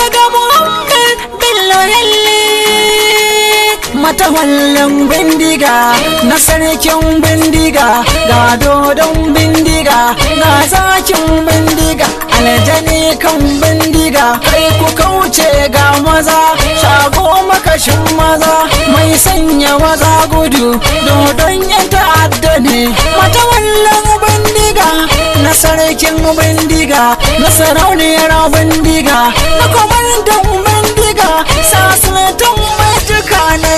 daga muhammad bello yalle bindiga na sarkin bindiga ga dodon bindiga na zakin bindiga aljani kan bindiga kai ku kauce ga maza shago makashin maza mai sanya maza gudu dodon yan ta'adda ne bindiga na sarkin bindiga diga na sarauniyar abin diga na kwamandan mun diga sasanatin majuka na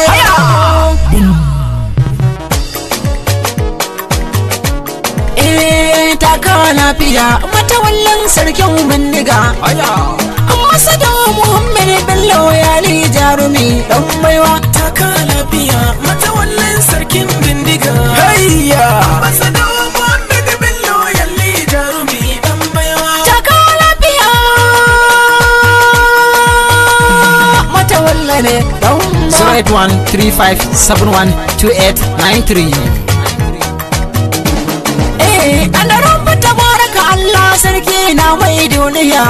eh, taka lafiya matawallan sarkin bindiga amma sada muhammadin bello ya jarumi dan baiwa taka lafiya mata yalla ne ba eh ana rabba tabaraka Allah sarki na mai duniya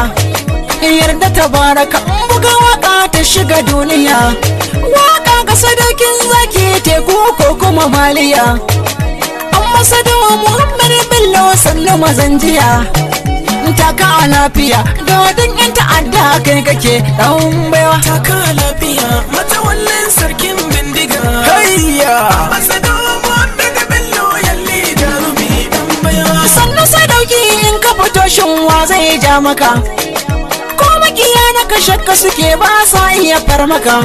yarda tabaraka buga waka ta shiga duniya waka ga sadakin zaki teku ko kuma maliya amma sadawa Muhammadu bello sannu mazanjiya taka lafiya da wadin yan ta'adda kai kake dan baiwa taka lafiya tarayya sarkin bindiga hayya ambasado muhammad bello yalli jarumi dan baya sannan sai dauki in ka fito shin wa zai ja maka ko makiya na ka suke ba sa iya farmaka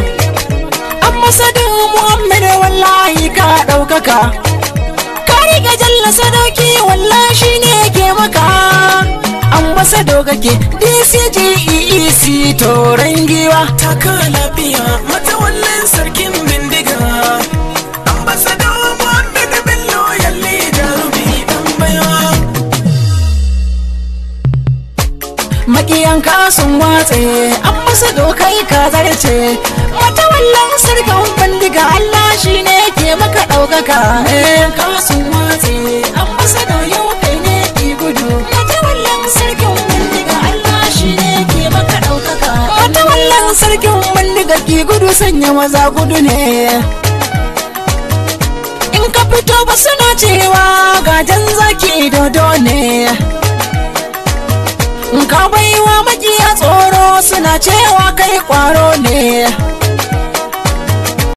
ambasado muhammad wallahi ka daukaka ka riga jalla sadauki wallahi shine ke maka ambasado kake dcge si toren giwa taka mata matawallin sarkin bindiga ambasada muhammad bello yalle jarumi dan baya makiyan ka sun watse ambasado kai ka zarce matawallin sarkin bindiga allah shine ke maka daukaka eh ka sun watse yi gudu sanya maza gudu ne in ka fito ba suna cewa gajen zaki dodo ne in ka baiwa maƙiya tsoro suna cewa kai kwaro ne